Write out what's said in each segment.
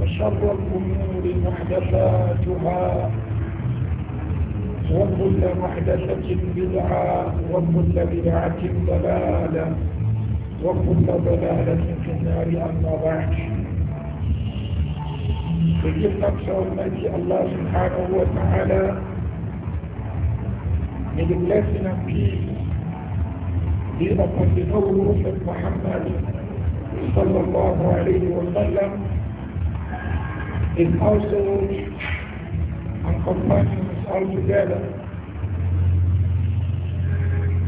وشر الأمور محدثاتها وكل محدثة بدعة وكل بدعة ضلالة وكل ضلالة في النار أما بعد فجل نفسه نجي الله سبحانه وتعالى من بلادنا في and peace نور محمد صلى الله عليه وسلم is also encompassing us all together.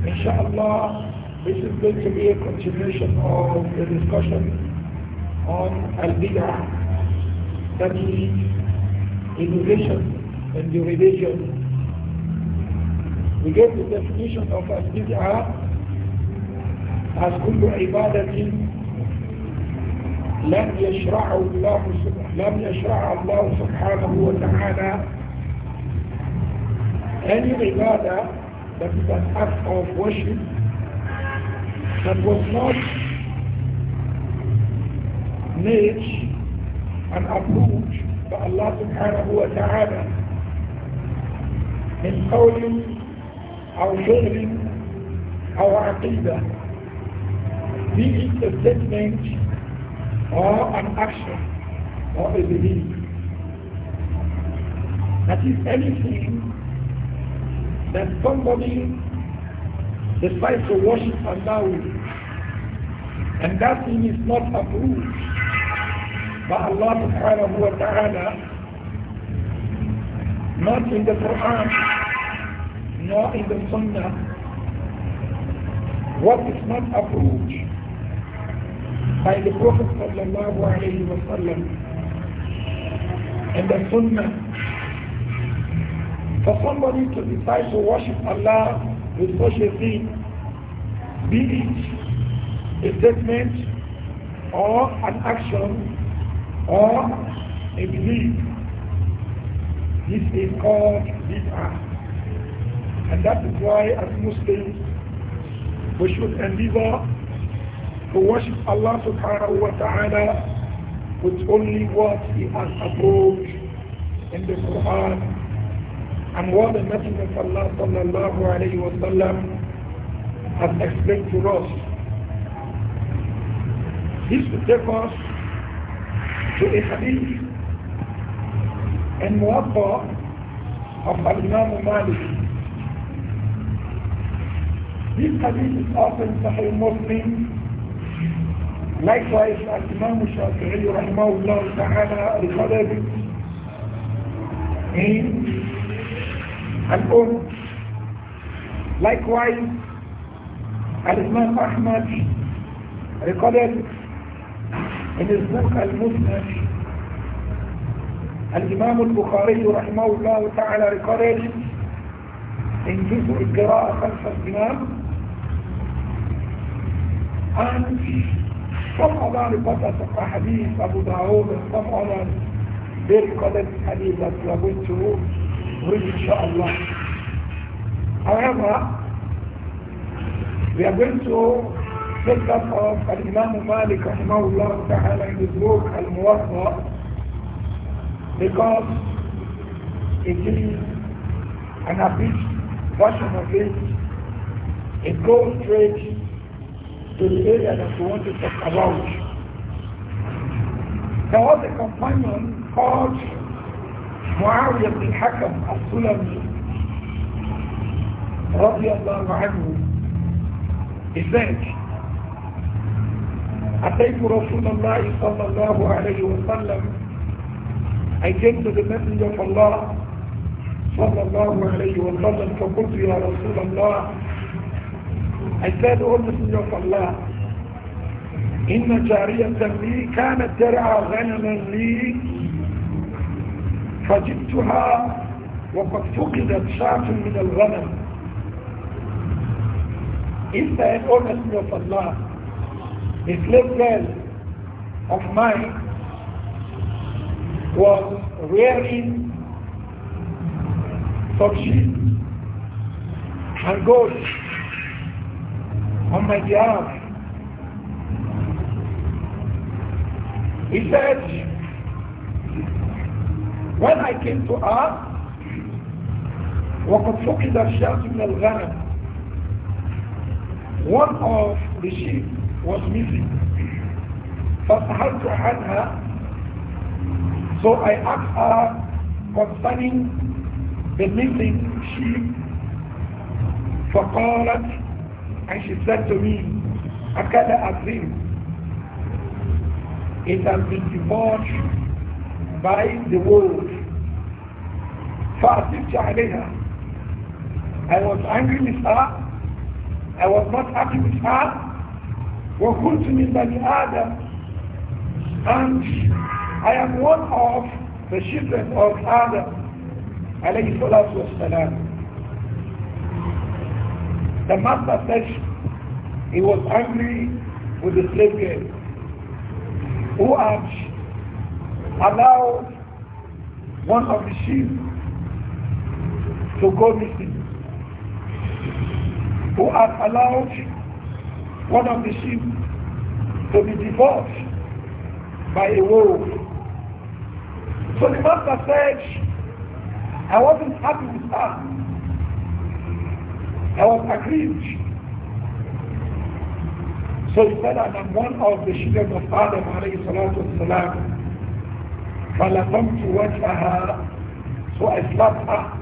Inshallah, this is going to be a continuation of the discussion on Al-Bid'ah, that is innovation in the religion. We get the definition of Al-Bid'ah as كل عبادة لم يشرعه الله سبحانه لم يشرع الله سبحانه وتعالى any ibadah that is an act of worship that was not made and approved by Allah subhanahu wa ta'ala in قول أو شغل أو عقيدة be it a statement or an action or a belief. That is anything that somebody decides to worship Allah and that thing is not approved by Allah subhanahu wa ta'ala, not in the Quran, nor in the Sunnah, what is not approved by the Prophet sallallahu alayhi wa sallam and the Sunnah. For somebody to decide to worship Allah with such a thing, be it a statement or an action or a belief, this is called bid'ah. And that is why as Muslims, we should endeavor to worship Allah subhanahu wa ta'ala with only what he has approved in the Quran and what the Messenger of Allah sallallahu alayhi wa sallam has explained to us. This will take us to a hadith and muwaffa of Al-Imam Malik. This hadith is often Sahih Muslim Likewise, Imam Shafi'i rahimahullah ta'ala recorded it in Al-Um. Likewise, Al-Imam Ahmad recorded in his book Al-Musnad. Al-Imam Al-Bukhari rahimahullah ta'ala recorded in Juz'u Al-Qira'a Khalf Al-Imam and Some other reporters of the hadith, Abu Dawud, and some others, they recorded hadith that we are going to read inshallah. However, we are going to take up of Imam Malik rahimahullah ta'ala in his book Al-Muwatta because it is an abridged version of it. It goes straight the area that we want to talk about. There called bin Hakam al-Sulami radiyallahu anhu. He said, أتيت رسول Rasulullah صلى الله عليه وسلم I came to the messenger of Allah صلى الله عليه وسلم فقلت يا رسول الله I said, O Messenger of Allah, إن جارية لي كانت ترعى غنما لي فجبتها وقد فقدت شاة من He said, the honesty of Allah, a slave girl of mine was rearing some sheep and goats on my He said, when I came to earth, وقد فقد الشاة من الغنم one of the sheep was missing فسألت عنها so I asked her concerning the missing sheep فقالت and she said to me, Akada Azim, it has been divorced by the world. فأتيت عليها I was angry with her. I was not happy with her. وَكُنْتُ مِنْ بَنِي other, And I am one of the children of Adam عليه الصلاة والسلام the master said he was angry with the slave girl who had allowed one of the sheep to go missing. Who had allowed one of the sheep to be divorced by a wolf. So the master said, I wasn't happy with that." I was aggrieved. So he said, I am one of the children of Adam alayhi salatu wasalam. watch her. So I slapped her.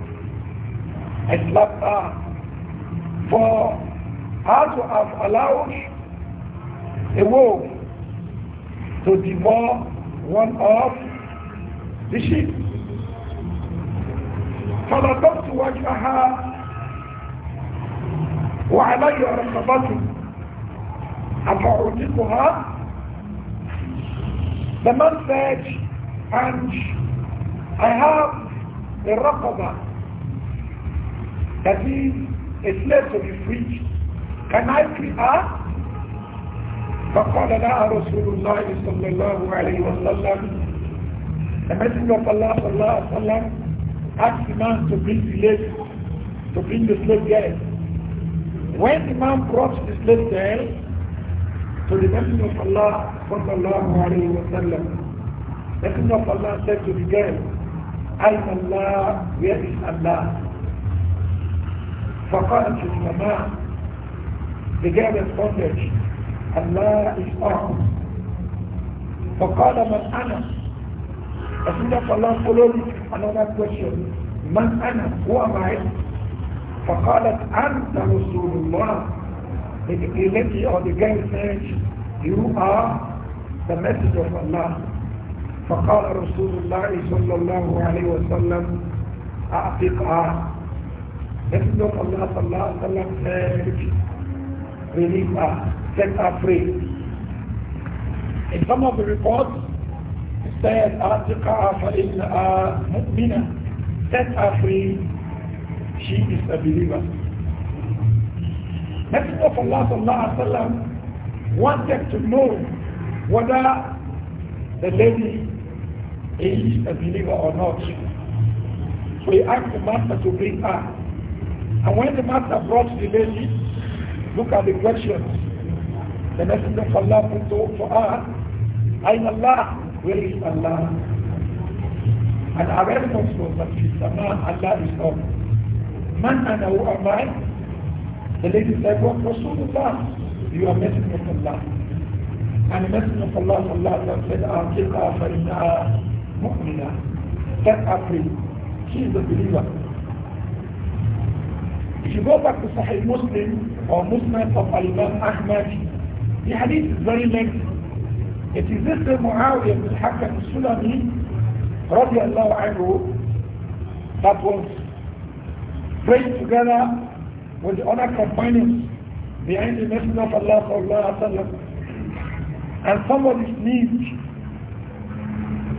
I slapped her. For her to have allowed a wolf to devour one of the sheep. to watch her. وعلي رقبتي أفعتقها The man said, and I have a that that is a slave to be freed. Can I free her? فقال لها رسول الله صلى الله عليه وسلم The Messenger of Allah صلى الله عليه وسلم asked the man to bring the slave, to bring the slave there. When the man brought this letter to the Messenger of Allah sallallahu alayhi wa sallam, Messenger of Allah said to the girl, أين الله where is Allah فقالت السماء the girl responded Allah is on. فقال من أنا Messenger of Allah followed another question من أنا who am I فقالت أنت رسول الله إن إلتي أو دي You are the message of Allah فقال رسول الله صلى الله عليه وسلم أعطيك آه Message of صلى الله عليه وسلم said Release us, set us free In some of the reports said أعطيك آه فإن آه مؤمنة Set us free she is a believer. Messenger of Allah sallallahu alaihi wasallam wanted to know whether the lady is a believer or not. So he asked the master to bring her. And when the master brought the lady, look at the questions. The Messenger of Allah put for her, أين Allah, where is Allah and our response was that Allah is up Man and a woman. The lady said, What Rasulullah? You are messenger of Allah. And the messenger of Allah Allah." said, Aqilha farinna mu'mina. Set her free. She is a believer. If you go back to Sahih Muslim or Muslim of Imam Ahmad, the hadith is very lengthy. It is this that Muawiyah bin Hakam Sulami, radiallahu anhu, that was praying together with the other companions behind the Messenger of Allah sallallahu alaihi wasallam, and somebody is sneezed,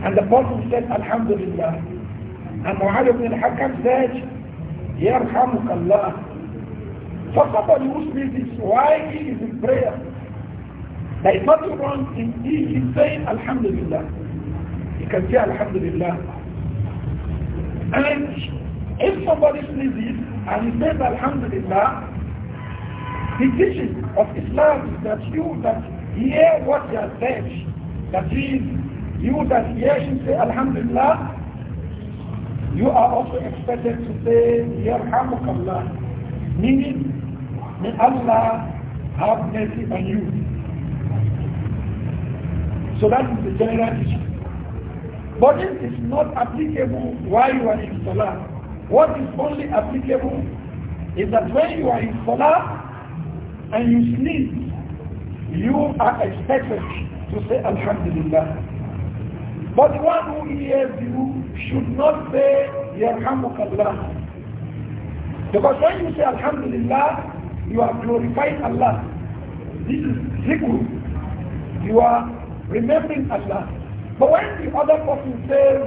and the person said Alhamdulillah, and Muhammad ibn al-Hakam said, Yarhamukallah. Allah. For somebody who sneezes, why he is in prayer? There is nothing wrong in he is saying Alhamdulillah. He can say Alhamdulillah. And if somebody sneezes and he says Alhamdulillah, the teaching of Islam is that you that hear what he has said, that is, you that hear him say Alhamdulillah, you are also expected to say Yarhamukallah, meaning, may Allah have mercy on you. So that is the general issue. But this is not applicable while you are in Salah. What is only applicable is that when you are in salah and you sneeze, you are expected to say Alhamdulillah. But the one who hears you should not say Yarhamukallah. Because when you say Alhamdulillah, you are glorifying Allah. This is zikr. You are remembering Allah. But when the other person says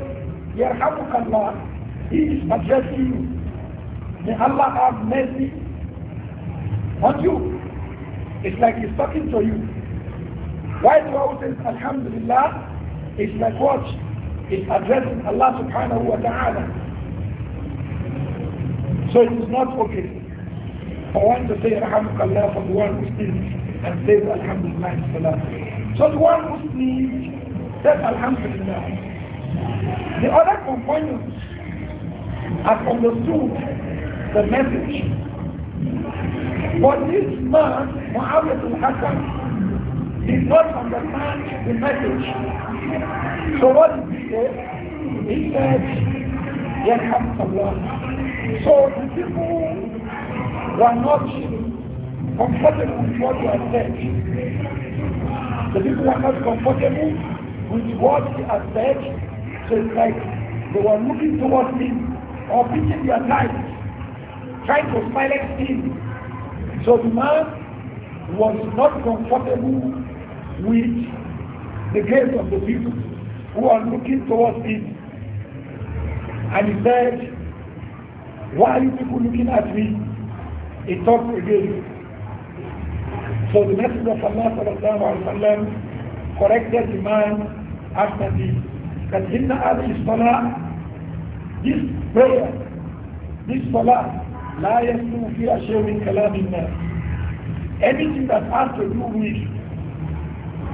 Yarhamukallah, he is addressing you. May Allah have mercy on you. It's like he's talking to you. Why do I say Alhamdulillah? It's like what? It's addressing Allah subhanahu wa ta'ala. So it is not okay I want to say Alhamdulillah for the one who sneezes and says Alhamdulillah. So the one who sneezes says Alhamdulillah. The other companions has understood the message. But this man, Muhammad al-Hakam, did not understand the message. So what did he say? He said, Allah. So the people were not comfortable with what he had said. The people were not comfortable with what he had said. So it's like they were looking towards him or beating their life, trying to silence him. So the man was not comfortable with the gaze of the people who are looking towards him. And he said, why are you people looking at me? He talked again. So the message of Allah وسلم, corrected the man after this. That in the Adi Salah This prayer, this salah, la yasmu fi ashaymin kalamin Anything that has to do with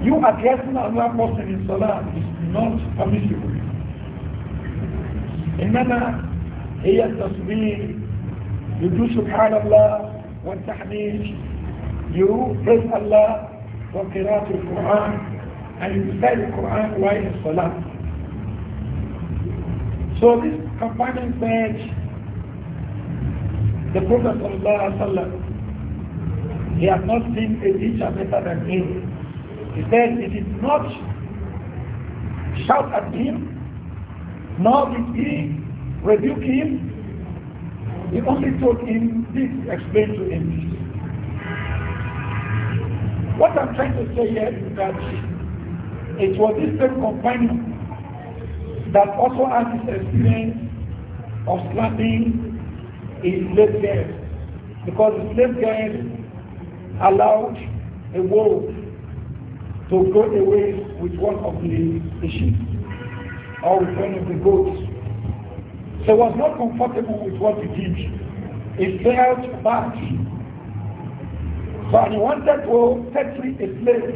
you addressing another person in salah is not permissible. has to be You do Subhanallah الله والتحميد You praise Allah وقراءة القرآن and you recite the Quran while in Salah. So this companion said, the Prophet ﷺ, he has not seen a teacher better than him. He said, it is not shout at him, nor did he rebuke him. He only told him this, explained to him. What I'm trying to say here is that it was this same companion that also had this experience of slapping his slave girl because the slave girl allowed a wolf to go away with one of the, the sheep or with one of the goats. So he was not comfortable with what he did. He felt bad. So he wanted to set free a slave.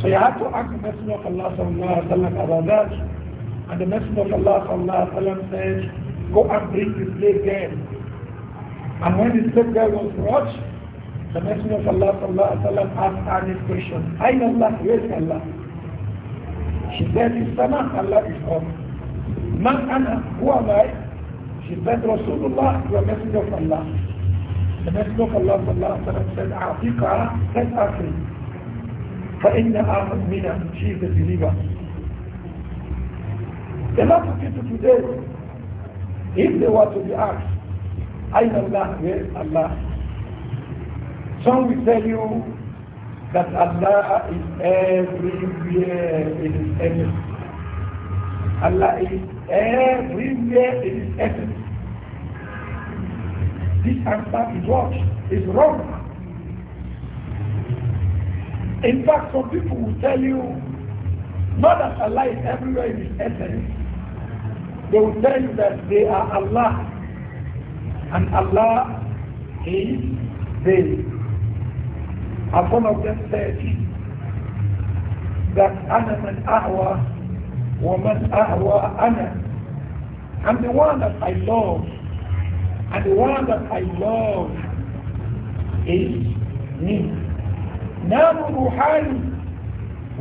So you have to ask the Messenger of Allah And the Messenger of Allah sallallahu said, go and bring the slave girl. And when the slave girl was brought, the Messenger of Allah sallallahu sallam, asked her this question, I know Allah, where is Allah? She said, It's Sama, Allah is up. Man who am I? She said, Rasulullah, you are Messenger of Allah. The Messenger of Allah sallallahu sallam, said, A'tika, let her free. فإنها مؤمنة, she is the believer. A lot of people today if they were to be asked, I Allah, where is Allah? Some will tell you that Allah is everywhere in His essence. Allah is everywhere in His essence. This answer is what? Is wrong. In fact, some people will tell you not that Allah is everywhere in His essence, they will tell you that they are Allah and Allah is they. I one of them said that أنا من أهوى ومن أهوى أنا I'm the one that I love and the one that I love is me. نام روحاني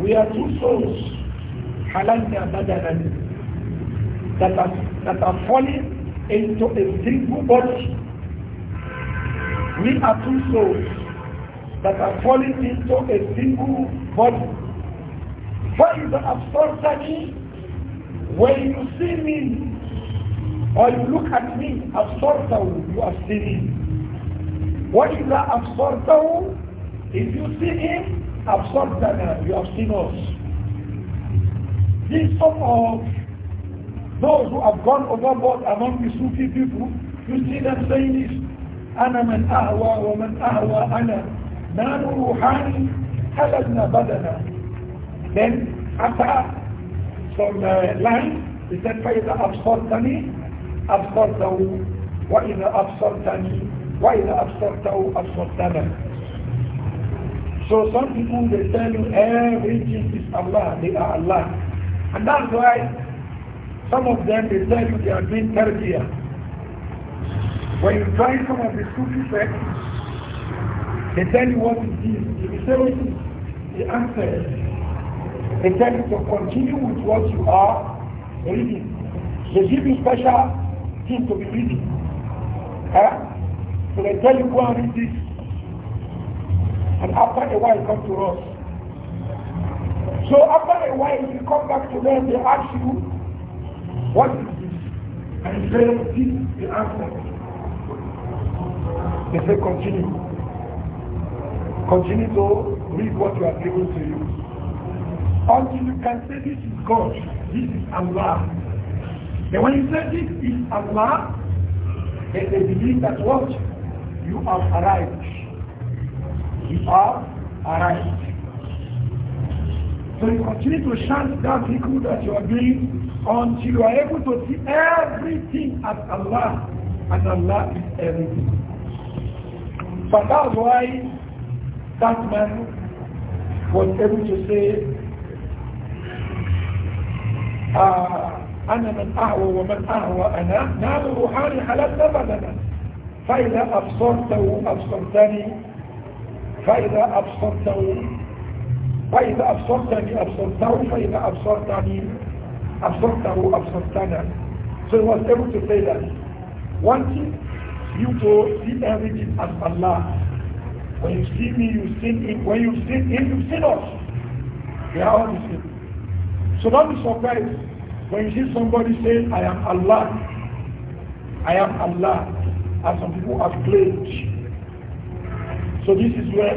we are two souls حللنا بدلا that are, that are falling into a single body. We are two souls that are falling into a single body. the أَبْصَرْتَنِي When you see me, or you look at me, أَبْصَرْتَهُ You are seeing What is the أَبْصَرْتَهُ If you see him, أَبْصَرْتَنَا You have seen us. This form of those who have gone overboard among the Sufi people, you see them saying this, أنا من أهوى ومن أهوى أنا نحن روحاني حللنا بدنا Then after some uh, lines, he said, فإذا أبصرتني أبصرته وإذا أبصرتني وإذا أبصرته أبصرتنا So some people they tell you everything is Allah, they are Allah. And that's why some of them, they tell you they are doing tarbiyah. When you try some of the Sufi sects, they tell you what it is. If you say what the answer is. They tell you to continue with what you are reading. They give you special things to be reading. Huh? So they tell you go and read this. And after a while, come to us. So after a while, if you come back to them, they ask you, what is this? And he said, this is the answer. They said, continue. Continue to read what you are given to you. Until you can say this is God, this is Allah. And when you say this is Allah, then they believe that what? You have arrived. You have arrived. So you continue to chant that equal that you are doing until you are able to see everything as Allah and Allah is everything. But that's why that man was able to say uh, أنا من أهوى ومن أهوى أنا نعم روحاني حلال بدنا فإذا أبصرته أبصرتني فإذا أبصرته فإذا أبصرتني أبصرته فإذا أبصرتني absorptahu absorptana. So he was able to say that wanting you to see everything as Allah. When you see me, you sin him. When you sin him, you sin us. We are all the same. So don't be surprised when you see somebody saying, I am Allah. I am Allah. As some people have claimed. So this is where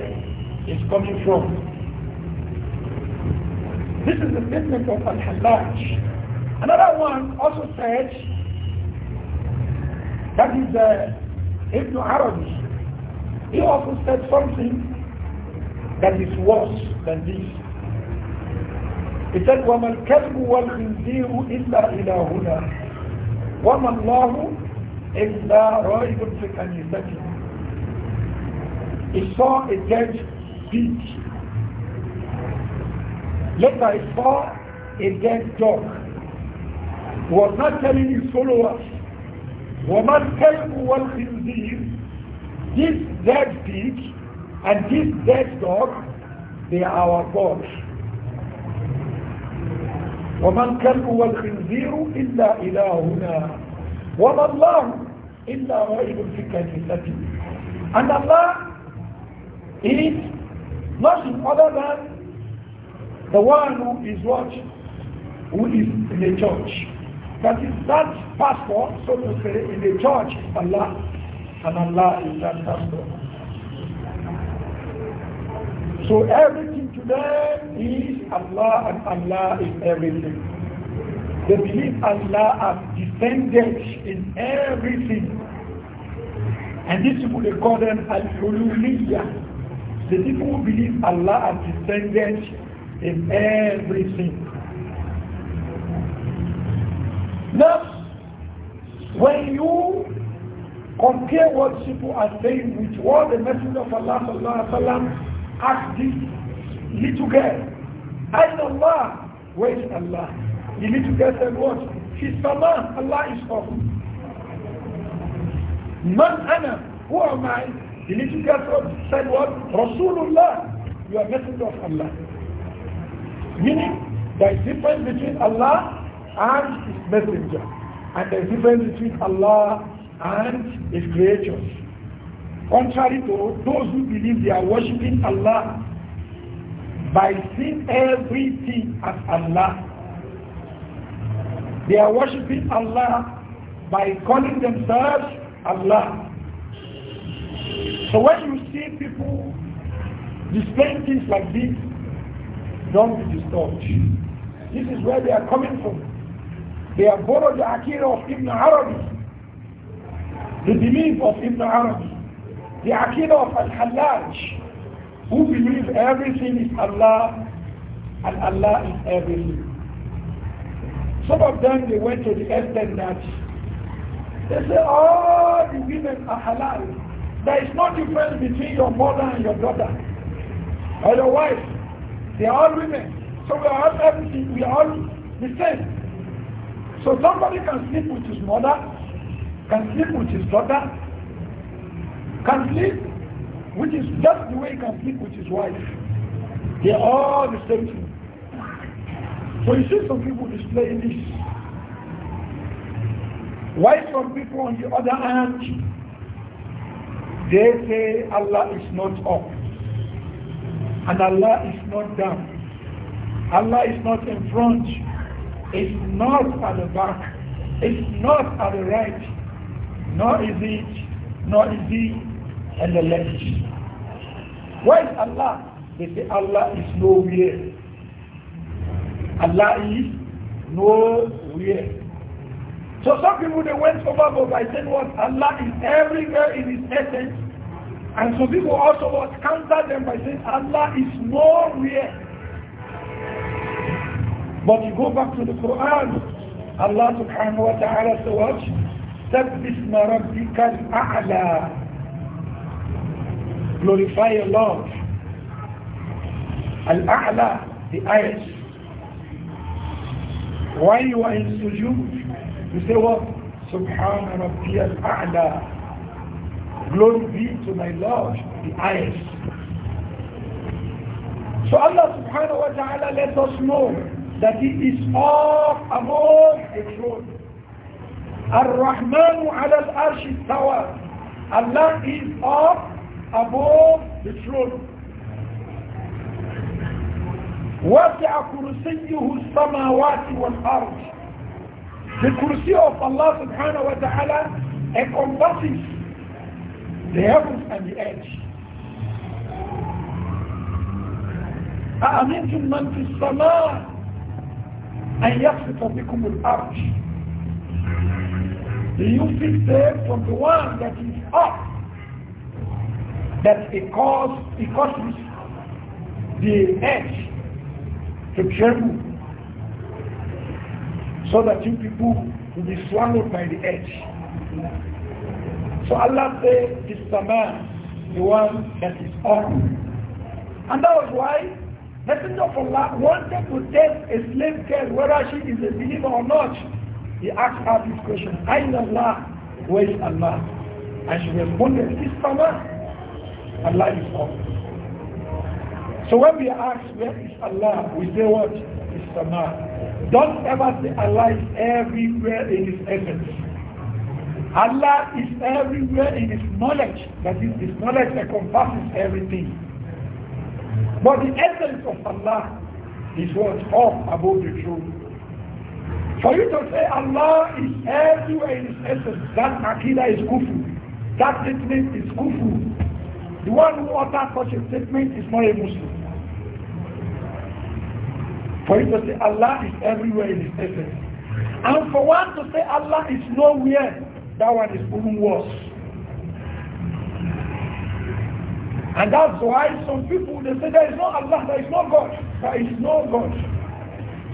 it's coming from. This is the statement of Al-Hallaj. Another one also said, that is uh, Ibn Arabi, he also said something that is worse than this. He said, وَمَا الْكَذْبُ وَالْخِنْزِيرُ إِلَّا إِلَى هُنَا وَمَا اللَّهُ إِلَّا رَائِبٌ فِي كَنِيسَتِهِ He saw a dead pig. Later he saw a dead dog was not telling his followers, وَمَنْ كَلْبُ وَالْخِنْزِيرُ This dead pig and this dead dog, they are our gods. وَمَنْ كَلْبُ وَالْخِنْزِيرُ إِلَّا إِلَهُنَا وَمَا اللَّهُ إِلَّا رَيْبٌ فِي كَنِسَتِهِ And Allah is nothing other than the one who is what? Who is in the church. That is that passport, so to say, in the church, Allah, and Allah is that passport. So everything to them is Allah and Allah is everything. They believe Allah has descended in everything. And this people they call them Al-Hululiyah. The people who believe Allah has descended in everything. Now, when you compare what people are saying with what the Messenger of Allah sallallahu alaihi wasallam asked this little girl, "Ayn Allah, where is Allah?" The little girl said, "What? His mama, Allah is off." Man ana, who am I? The little girl said, "What? Rasulullah, you are Messenger of Allah." Meaning, there is difference between Allah and his messenger. And the difference between Allah and his creatures. Contrary to those who believe they are worshipping Allah by seeing everything as Allah. They are worshipping Allah by calling themselves Allah. So when you see people displaying things like this, don't be disturbed. This is where they are coming from. They have borrowed the Akira of Ibn Arabi, the belief of Ibn Arabi, the Akira of Al-Hallaj, who believes everything is Allah and Allah is everything. Some of them, they went to the extent that they say, all ah, the women are halal. There is no difference between your mother and your daughter or your wife. They are all women. So we are all everything. We are all the same. So somebody can sleep with his mother, can sleep with his daughter, can sleep, which is just the way he can sleep with his wife. They are all the same thing. So you see some people displaying this. Why some people on the other hand, they say Allah is not up and Allah is not down. Allah is not in front it's not at the back. It's not at the right. Nor is it, nor is it at the left. Where is Allah? They say Allah is nowhere. Allah is nowhere. So some people they went overboard by saying what Allah is everywhere in his essence. And some people also what counter them by saying Allah is nowhere. But you go back to the Quran, Allah subhanahu wa ta'ala says what? تَبِّسْمَ رَبِّكَ الْأَعْلَى Glorify your Lord. Al-A'la, the highest. Why you are in sujood, you say what? Subhana Rabbi al-A'la. Glory be to my Lord, the highest. So Allah subhanahu wa ta'ala let us know that it is up above the throne. Ar-Rahmanu ala al-Arsh istawa. Allah is up above the throne. وَسِعَ كُرْسِيُّهُ السَّمَاوَاتِ وَالْأَرْضِ The kursi of Allah subhanahu wa ta'ala encompasses the heavens and the earth. أَأَمِنْتُمْ مَنْ فِي السَّمَاءِ أن يخفف بكم الأرض You fix them from the one that is up that it causes, it causes the edge to tremble so that you people will be swallowed by the edge. So Allah says, it's the man, the one that is up. And that was why Messenger of Allah wanted to test a slave girl whether she is a believer or not. He asked her this question, Ain Allah, where is Allah? And she responded, This summer, Allah is all. So when we ask, where is Allah? We say what? Is Sama. Don't ever say Allah is everywhere in His essence. Allah is everywhere in His knowledge. That is, His knowledge encompasses everything. But the essence of Allah is what's up above the truth. For you to say Allah is everywhere in his essence, that Akida is kufu. That statement is kufu. The one who utter such a statement is not a Muslim. For you to say Allah is everywhere in his essence. And for one to say Allah is nowhere, that one is even worse. And that's why some people, they say there is no Allah, there is no God. There is no God.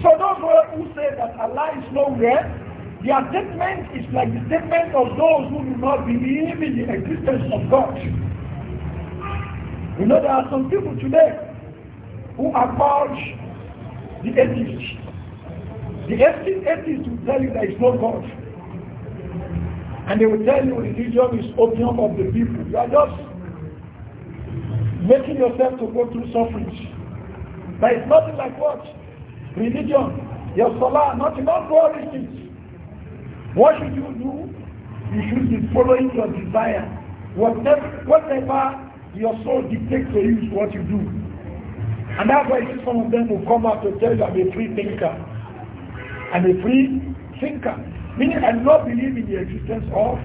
So those who say that Allah is nowhere, their statement is like the statement of those who do not believe in the existence of God. You know, there are some people today who are called the atheists. The atheists atheist will tell you there is no God. And they will tell you religion is opium of the people. You are just making yourself to go through suffrage. There is nothing like what? Religion. Your salah, not enough for all these things. What should you do? You should be following your desire. Whatever, whatever your soul dictates to you is what you do. And that's why some of them will come out to tell you I'm a free thinker. I'm a free thinker. Meaning I do not believe in the existence of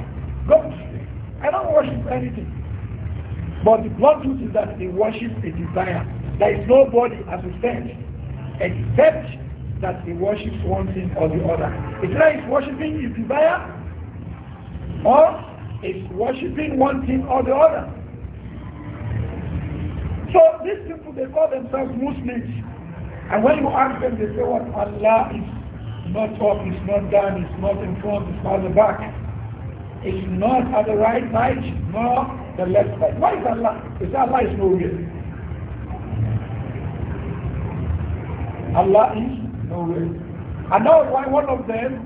God. I don't worship anything. But the blood truth is that they worship a desire. There is nobody as a saint except that he worships one thing or the other. It's they are worshipping his desire or is worshipping one thing or the other. So these people, they call themselves Muslims. And when you ask them, they say what Allah is not up, it's not down, it's not in front, it's not the back is not at the right side nor the left side. Why is Allah? Is Allah is real. Allah is real. And now why one of them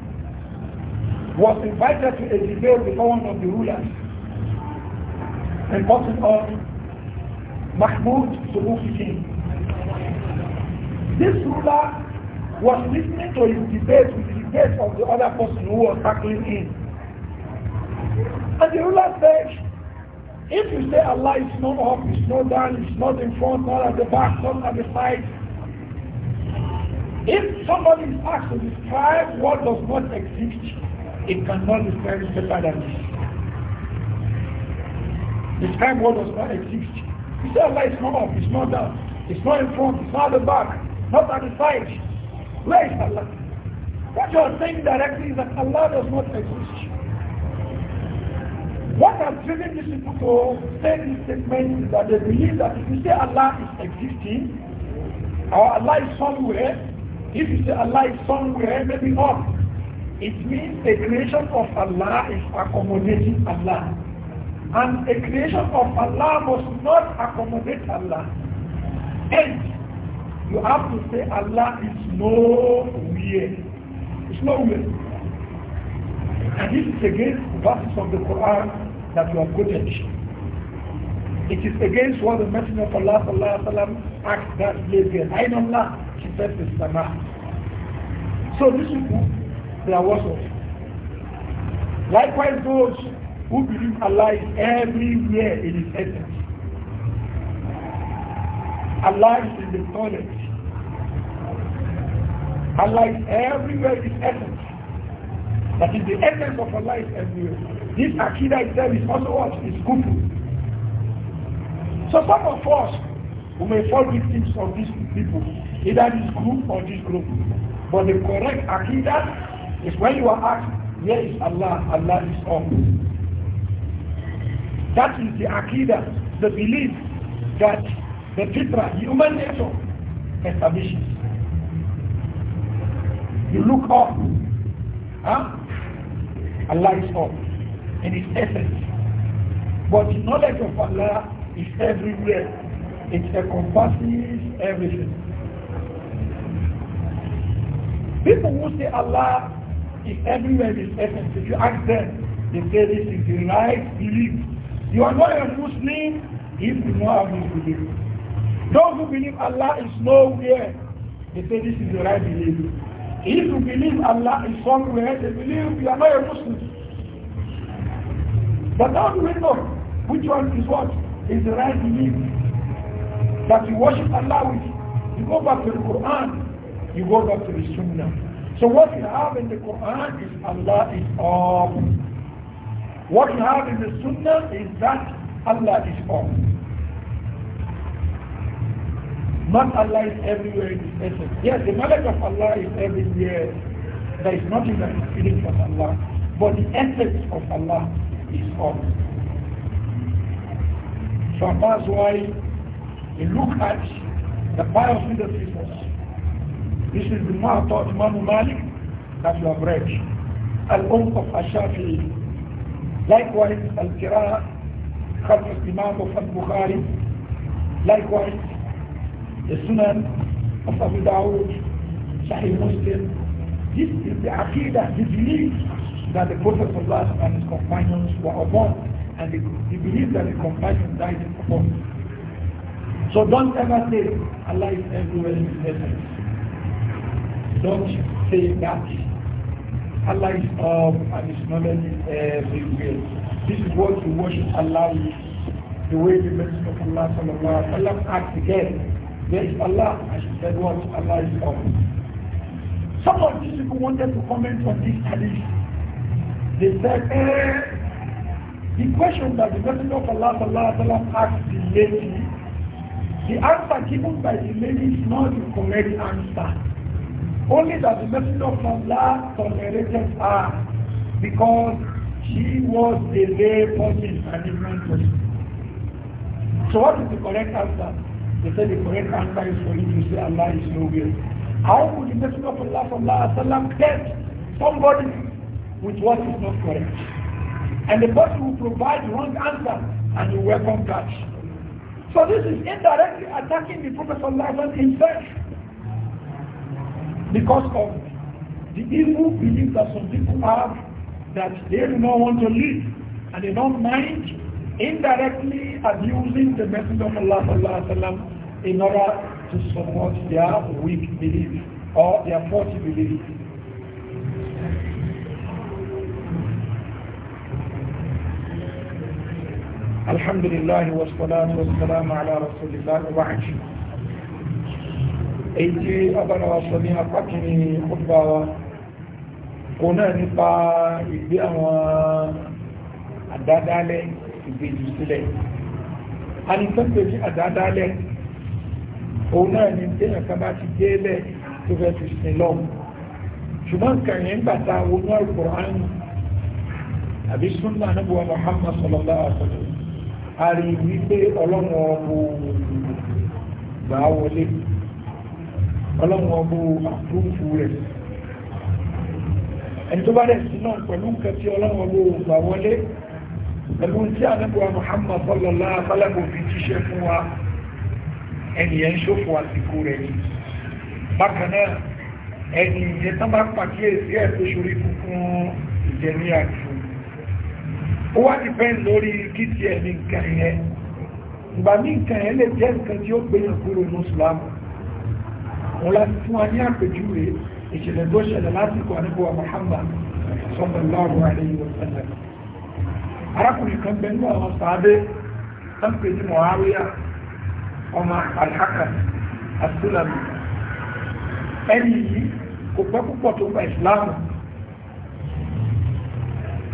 was invited to a debate before one of the rulers And person of Mahmoud Subuki. This ruler was listening to his debate with the debate of the other person who was tackling him. And the ruler said, if you say Allah is not up, it's not down, it's not in front, not at the back, not at the side. If somebody is asked to describe what does not exist, it cannot describe it better than this. Describe what does not exist. You say Allah is not up, it's not down, it's not in front, it's not at the back, not at the side. Where is Allah? What you are saying directly is that Allah does not exist. What has driven these people to say this statement is that they believe that if you say Allah is existing, or Allah is somewhere, if you say Allah is somewhere, maybe not. It means the creation of Allah is accommodating Allah. And the creation of Allah must not accommodate Allah. Hence, you have to say Allah is nowhere. It's nowhere. And this is against verses of the Quran that you are quoted. It is against what the Messenger of Allah sallallahu alayhi wa asked that slave girl. I Allah. She said to Sama. So these people, they are worse off. Likewise those who believe Allah is everywhere in his essence. Allah is in the toilet. Allah is everywhere in his essence. That is the essence of Allah is everywhere. This akida itself is also what? Is good. So some of us who may fall victims of these people, either this group or this group. But the correct akida is when you are asked, where is Allah? Allah is all. That is the akida, the belief that the fitra, human nature, establishes. You look up. Huh? Allah is all. And its essence. But the knowledge of Allah is everywhere. It encompasses everything. People who say Allah is everywhere in its essence, if you ask them, they say this is the right belief. You are not a Muslim if you know how this belief. Those who believe Allah is nowhere, they say this is the right belief. If you believe Allah is somewhere, they believe you are not a Muslim. But now we know which one is what is the right belief. That you worship Allah with. You go back to the Quran, you go back to the Sunnah. So what you have in the Quran is Allah is all. What you have in the Sunnah is that Allah is all. Not Allah is everywhere in His essence. Yes, the knowledge of Allah is everywhere. There is nothing that is hidden from Allah. But the essence of Allah is up. So that's why we look at the the predecessors. This is the matter of Imam Malik that you have read. Al-Umq of Ashafi. Likewise, Al-Qira, Khalf Imam of Al-Bukhari. Likewise, the Sunan of Abu Dawud, Sahih Muslim. This is the Aqidah, the belief that the Prophet and his companions were upon. And he believed that the companions died in upon. So don't ever say Allah is everywhere in his essence. Don't say that. Allah is all and his knowledge is everywhere. This is what you worship Allah with. The way the message of Allah sallallahu alaihi wasallam sallam asked again, where is Allah? And she said what? Allah is all. Some of these people wanted to comment on this hadith. They said, eh. The question that the Messenger of Allah sallallahu alayhi wa asked the lady, the answer given by the lady is not the correct answer. Only that the Messenger of Allah tolerated her because she was a lay person and ignorant person. So what is the correct answer? They said the correct answer is for you to say Allah is nowhere. How would the Messenger of Allah sallallahu alayhi wa get somebody with what is not correct. And the person will provide wrong answer and you welcome catch. So this is indirectly attacking the Prophet himself because of the evil belief that some people have that they do not want to live and they don't mind indirectly abusing the message of Allah in order to support their weak belief or their faulty belief. الحمد لله والصلاة والسلام على رسول الله وبعد èyí abára wa sọ ní apá kìíní ọgbà wa kò náà nípa ìgbé àwọn àdádálẹ̀ ìgbèjì sílẹ̀ a ní tó pè ní àdádálẹ̀ òun náà ní téèyàn kan bá ti dé lẹ̀ tó fẹ́ fi sin lọ ṣùgbọ́n kàyẹ̀ ń gbàta wọnú Al-Qur'an àbí súnmọ́ anábùwà Muhammad sallallahu alaihi wa a rí wípé ọlọ́run ọbọ̀ gbà á wọlé ọlọ́run ọbọ̀ àpúrúfù rẹ̀ ẹni tó bá rẹ̀ sí náà pẹ̀lú nǹkan tí ọlọ́run ọbọ̀ gbà wọlé pẹ̀lú tí àdẹ́bùwà Muhammad sallallahu alaihi wa fi jíṣẹ́ fún wa ẹnìyẹn ṣòfò àsìkò rẹ̀ ó wá dìpẹ́ lórí kí ti ẹ̀mí nǹkan yẹn ìgbà mí nǹkan yẹn lè jẹ́ nǹkan tí ó gbéyàn kúrò ní ìsìlámù òun láti fún wa ní àpèjúwe ìṣẹ̀lẹ̀ tó ṣẹlẹ̀ lásìkò àníbò Muhammad sallallahu alayhi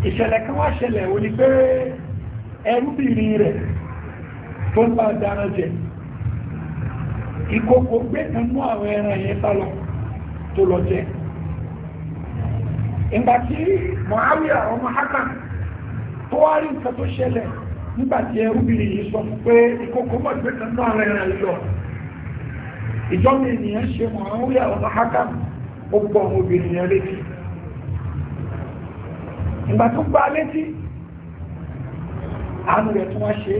ìṣẹ̀lẹ̀ kan wá ṣẹlẹ̀ ò ní pé ẹrúbìnrin rẹ̀ tó ń bá dára jẹ ìkòkò gbé kan mú àwọn ẹran yẹn sálọ tó lọ jẹ ìgbà tí ọmọ Hakam tó wá rí nǹkan tó ṣẹlẹ̀ nígbà ẹrúbìnrin yìí sọ pé ìkòkò mọ̀ gbé kan mú àwọn ẹran ìgbà tó gbá létí àánú rẹ̀ tó wá ṣe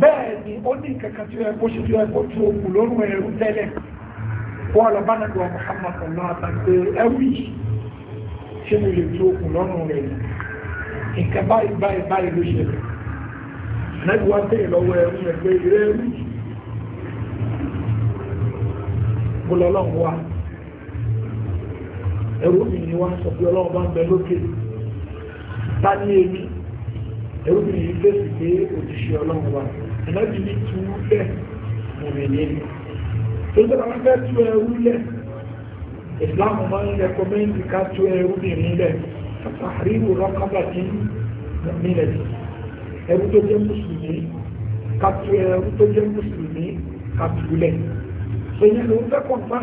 bẹ́ẹ̀ ni ó ní kankan tí ó ẹkọ́ ṣe tí ó ẹkọ́ tó kù lórún ẹ̀rù tẹ́lẹ̀ wọ́n lọ bá nàgbà Muhammad ọ̀nà àtàgbé ẹ̀wì tí mo lè tó kù lọ́rùn rẹ̀ nǹkan báyìí báyìí báyìí ló ṣẹlẹ̀ lẹ́gbẹ̀ wá bẹ́ẹ̀ lọ́wọ́ ẹ̀rù ẹ̀gbẹ́ ẹrú mi ni wọ́n sọ pé ọlọ́run bá ń bẹ lókè ta ní èmi ẹrú mi yìí fèsì pé òjíṣẹ́ ọlọ́run wa ẹ̀nàjì ní tú lẹ̀ mọ̀mí ní ẹni tó ń tẹ́lá fẹ́ tú ẹrú lẹ̀ Islam máa ń rẹkọmẹ́ndì ká tú ẹrú mi nílẹ̀ àtàríwò rọ́kábà ní nílẹ̀ ẹrú tó jẹ́ mùsùlùmí ká tú ẹrú tó jẹ́ mùsùlùmí ká tú lẹ̀ ṣe yẹn ló fẹ́ kọ̀ǹtà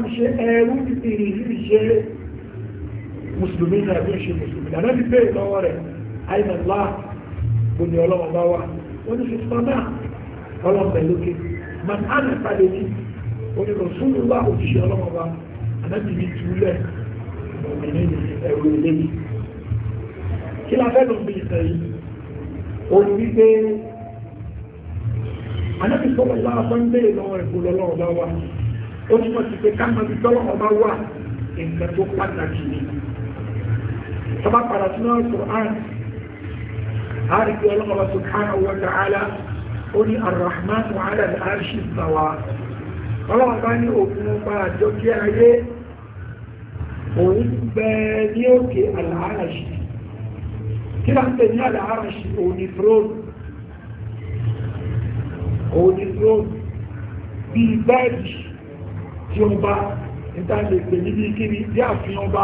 mùsùlùmí náà bí ó ṣe mùsùlùmí náà láti bèèrè lọ́wọ́ rẹ̀ àìmọ̀ ńlá gbòmí ọlọ́wọ́ bá wà ó ní sísọ náà ọlọ́pẹ̀ lókè man ánà sáré ní onírò súnmù wá òṣìṣẹ́ ọlọ́wọ́ bá anábìbí túlẹ̀ òmìnir ẹ̀rù ìlébi kí la fẹ́ lóun bí ìtẹ̀ yìí ó ní wípé anábì sọ́wọ́ ìlà ọ̀sán bèèrè lọ́wọ́ rẹ̀ kó lọ́wọ́ bá wà ó ní wọ́n pé ká mọ̀ bí tọ́lọ́wọ́ bá wà nǹkan tó pàtàkì nìyí tọ́bá padà sínú Al-Qur'an àríkí ọlọ́mọba subhanahu wa ta'ala ó ní Ar-Rahman 'ala al-'arshi istawa ọlọ́mọba ní òkun ọba àjọkí ayé òun bẹ ní òkè al-'arshi kí là ń tẹ̀ ní al-'arshi throne òun throne bíi bẹ́ẹ̀dì tí ọba níta lè pè níbi kíni bí àfihàn ọba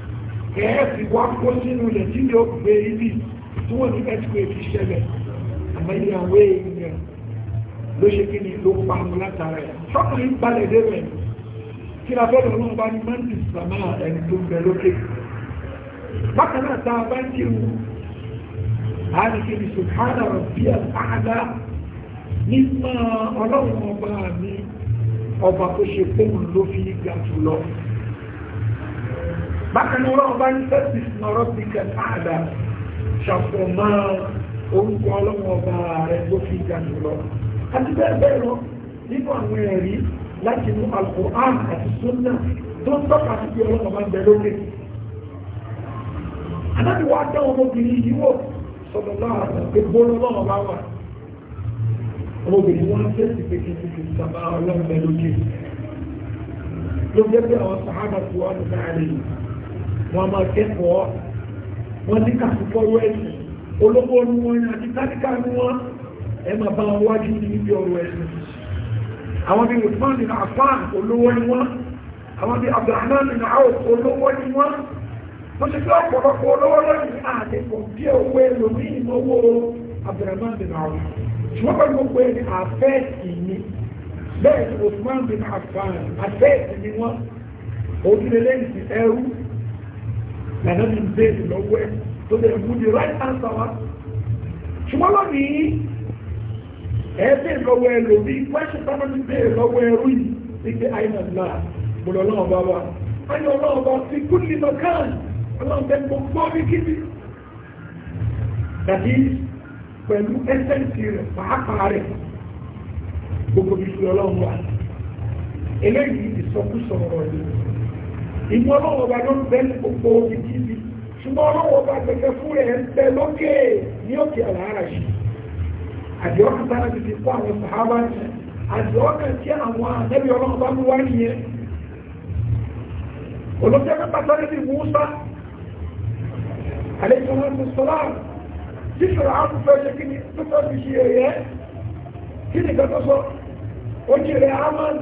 kẹ́ẹ̀fì wá kó sínú ilẹ̀ tí yóò gbé ibi tí wọ́n ní ẹ̀tùkọ̀ èfi ṣẹlẹ̀ àmọ́ ìyàwó èèyàn ló ṣe kí ni ló pa mú látara ẹ̀ ṣọ́kùnrin balẹ̀ dé rẹ̀ kí la fẹ́ràn ọlọ́run bá ní mọ́ndì sàmà ẹni tó bẹ lókè bákan náà tá a bá ń kírun a ní kí ni subhana rabbi al-a'la nígbà ọlọ́run ọba mi ọba tó ṣe fóun ló fi ga jù lọ bákan ọlọ́run bá ní sẹ́sì ọ̀rọ̀ ti kẹ̀ káàdà ṣàpọ̀ máa orúkọ ọlọ́run ọba rẹ̀ tó fi ga jùlọ àti bẹ́ẹ̀ bẹ́ẹ̀ lọ nínú àwọn ẹ̀rí láti inú Al-Qur'an àti Sunnah tó ń tọ́ka sí pé ọlọ́run bá ń bẹ lókè anábì wá dá ọmọbìnrin yìí wò sọ̀rọ̀ náà pé gbóná ọlọ́run bá wà ọmọbìnrin wọn sẹ́sì pé kí ọlọ́run bẹ lókè ló jẹ́ pé àwọn sàhábà tí wọ́n wọn máa kẹ́kọ̀ọ́ wọn ní kàkúkọ́rọ́ ẹ̀sìn olówó ní wọn ní àti táníkà ní wọn ẹ máa bá wọn wájú ní ibi ọ̀rọ̀ ẹ̀sìn àwọn bí Usman ní Affan olówó ní wọn àwọn bí Abdulrahman ní Awf olówó ní wọn wọ́n ti fi ọ̀pọ̀lọpọ̀ olówó lẹ́yìn àdẹ́kọ̀ bí owó ẹlòmí ìmọ̀wó Abdulrahman ní Awf ṣùgbọ́n pẹ̀lú gbogbo ẹni àfẹ́ ìní bẹ́ẹ̀ ni Usman bin Affan àfẹ́ ìní wọn òdúlélẹ́yìn ẹrú lànà ní bẹ́ẹ̀rẹ̀ lọ́wọ́ ẹ̀ tó lè mú ní right answer wa ṣùgbọ́n lónìí ẹ bẹ́ẹ̀ lọ́wọ́ ẹ lòdì question tọ́mọ́ ní bẹ́ẹ̀ lọ́wọ́ ẹ rú yìí ní pé àìmọ̀ náà gbọ́dọ̀ náà bá wa ayọ̀ náà bá ti kú ní mọ̀kán ọlọ́run bẹ́ẹ̀ gbogbo ní kíbi dàbí pẹ̀lú ẹsẹ̀ǹsì rẹ̀ pàápàá rẹ̀ gbogbo ìṣúra ọlọ́run wa eléyìí ìsọkúsọ ọ̀rọ̀ yìí ìmọ̀ ọlọ́wọ́ bá ló ń bẹ́ ní gbogbo omi títí ṣùgbọ́n ọlọ́wọ́ bá gẹ́gẹ́ fún rẹ̀ ń bẹ lókè ní òkè àlàárà ṣe àdìọ́kà tára ti fi kọ́ àwọn sàhábà ní àdìọ́kà tí àwọn ànẹ́bí ọlọ́wọ́ bá mú wá nìyẹn olóńjẹ́ pẹ́ pàtàkì ti mú sá àlejò wọn ti sọlá tí ṣòro àwọn ṣe kí ni tó fẹ́ fi ṣe ẹ̀yẹ kí ni kẹ́kọ́ sọ ó jèrè àmàlù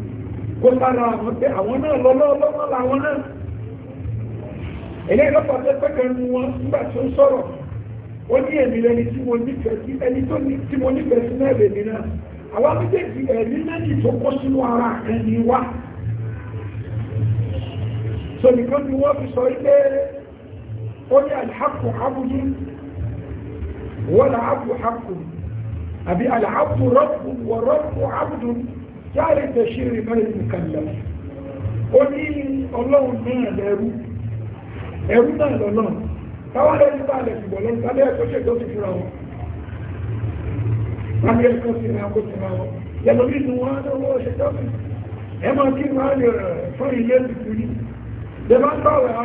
kó lára àwọn pé àwọn náà lọ́lọ́lọ́wọ́ làwọn náà ilé ìlọ́pàá tó pẹ́kẹ́ nu wọn nígbà tí ó ń sọ̀rọ̀ ó ní èmi lẹni tí mo nífẹ̀ẹ́ sí ẹni tó ní tí mo nífẹ̀ẹ́ sí náà lèmi náà àwọn méjèèjì ẹ̀mí méjì tó kó sínú ara kan wá so nìkan ni wọ́n fi sọ ilé ó ní alhaku abudu wọ́n là abu àbí alhaku rọ́pù wọ́n rọ́pù abudu járe tẹ̀ṣí mẹ́rin nìkanlẹ̀ ó ní ọlọ́run náà lẹ́rú ẹ̀rú náà lọ́nà táwọn lẹ́yìn bá lẹ̀ ṣùgbọ́n lọ́nà tálẹ́ ẹ̀kọ́ ṣe tó ti fura wọn láti ẹ̀kọ́ sí ra kó ti ra wọn yẹ̀lọ́ nínú wọn lọ́wọ́ ṣe ẹ máa kí á lè fún ilé tuntun yìí lè máa ń bá ọ̀rẹ́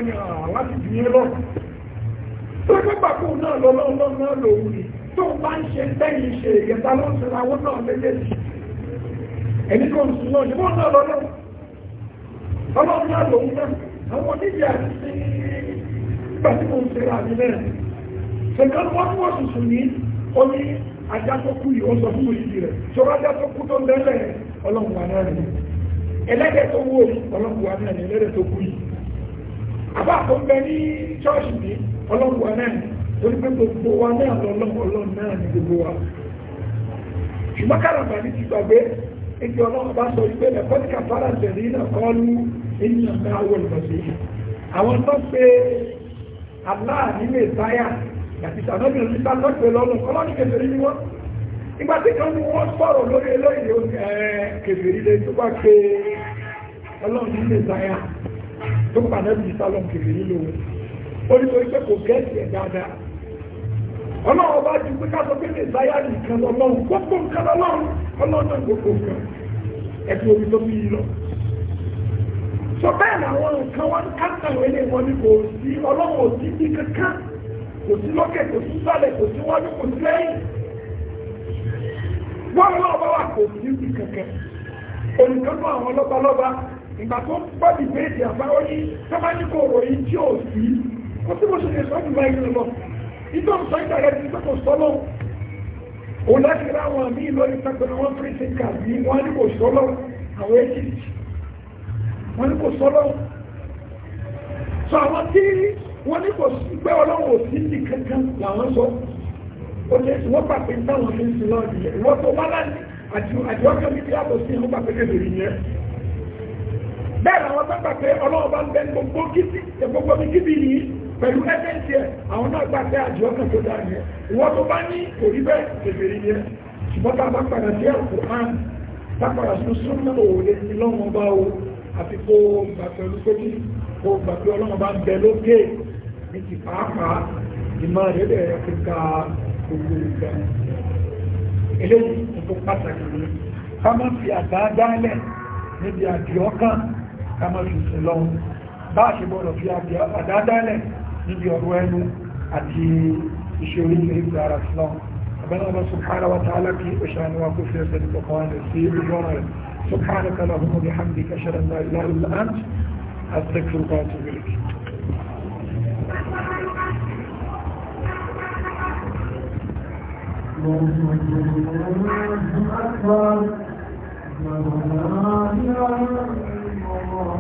wọn yàn yẹn ẹni kò sùn náà ṣùgbọ́n náà lọ́nà ọlọ́run náà lòun náà àwọn oníjà sí nígbà tí mo ń ṣe rà mí náà ṣẹ̀kan wọ́n mú ọ̀sùn sùn ní ó ní ajá tó kú yìí ó sọ fún òṣìṣẹ́ rẹ̀ ṣọ́rọ́ ajá tó kú tó ń bẹ́lẹ̀ ọlọ́run wà náà nìyí ẹlẹ́dẹ̀ tó wó ọlọ́run wà náà nìyí ẹlẹ́dẹ̀ tó kú yìí àbá tó ń bẹ ní ṣọ́ọ̀ṣì ní ọlọ́run wà náà nìyí torí pé gbogbo wa náà lọ́lọ́run náà ní gbogbo wa ṣùgbọ́n káràbà ní ti gbàgbé ìgbé ọlọ́run bá sọ ìgbé rẹ̀ kọ́ ní kàfàrà tẹ̀lé iná kọlu ènìyàn náà wọ ìbọ̀sẹ̀ yìí àwọn tó pe aláà nílé táyà àti sànọ́bì ní sá tó pe lọ́nà ọlọ́run kẹfẹ́rí ni wọ́n ìgbà tí kan ní wọ́n sọ̀rọ̀ lórí eléyìí kẹfẹ́rí lé tó bá pe ọlọ́run nílé táyà tó pàdánù ìsálọ̀n kẹfẹ́rí lówó ó ní torí pé kò gẹ́ẹ̀sì ẹ̀ dáadáa ọlọ́run bá ti pé káṣọ pé mẹ́sáyà nìkan lọ́lọ́run gbogbo nǹkan lọ́lọ́run ọlọ́run gbogbo nǹkan ẹ̀kú omi tó fi yí lọ. sọ bẹ́ẹ̀ làwọn nǹkan wọn ká tàwọn ilé wọn ni kò sí ọlọ́run ò sí bí kankan kò sí lókè kò sí sálẹ̀ kò sí wájú kò sí lẹ́yìn. wọ́n lọ́wọ́ bá wà kò sí bí kankan olùkọ́nù àwọn lọ́balọ́ba ìgbà tó bá dìbéèdì àbáwọ́ yìí sábà ní kò ìtọ́ sọ ìdàrẹ́ ti pẹ́ kò sọ́lọ́ òun láti rá àwọn àmì ìlọrin sàkóná wọn fi ṣe kà bí wọn ní kò sọ́lọ́ àwọn egypt wọn ní kò sọ́lọ́ sọ àwọn tí wọn ní kò pẹ́ ọlọ́run ò sí ní kankan làwọn sọ ó lè wọ́n pàpẹ́ táwọn fi ń sin lọ́ọ̀ nìyẹn ìwọ́n tó bá láti àjọkẹ́ mi yàtọ̀ sí ìwọ́n pàpẹ́ kékeré yẹn bẹ́ẹ̀ làwọn sábà pé ọlọ́run bá ń bẹ́ gbogbo kíbi ìgbogbo mi kíbi yìí pẹ̀lú ẹ́sẹ̀ǹsì ẹ̀ àwọn náà gbà pé àjọ ọkàn tó dáa yẹn ìwọ́n tó bá ní kò rí bẹ́ẹ̀ kèfèrè yẹn ṣùgbọ́n tá a bá padà sí àpò án bá padà sí súnmọ́ òòlè ní lọ́wọ́n bá o àti kó gbà pẹ̀lú pé kí kó gbà pé ọlọ́wọ́n bá ń bẹ lókè ní ti pàápàá ìmọ̀ rẹ̀ bẹ̀ fi ka gbogbo ìgbà eléyìí tó pàtàkì ni ká má fi àdá dálẹ̀ níbi àdìọ́kàn ká má fi a ṣe ndị عنوانه أتي ati isori على zara sọ ابن الله سبحانه وتعالى في اشان وقف في سيد القران السيد الجمال سبحانك اللهم وبحمدك اشهد ان لا اله الا انت استغفر الله واتوب اليك Thank you.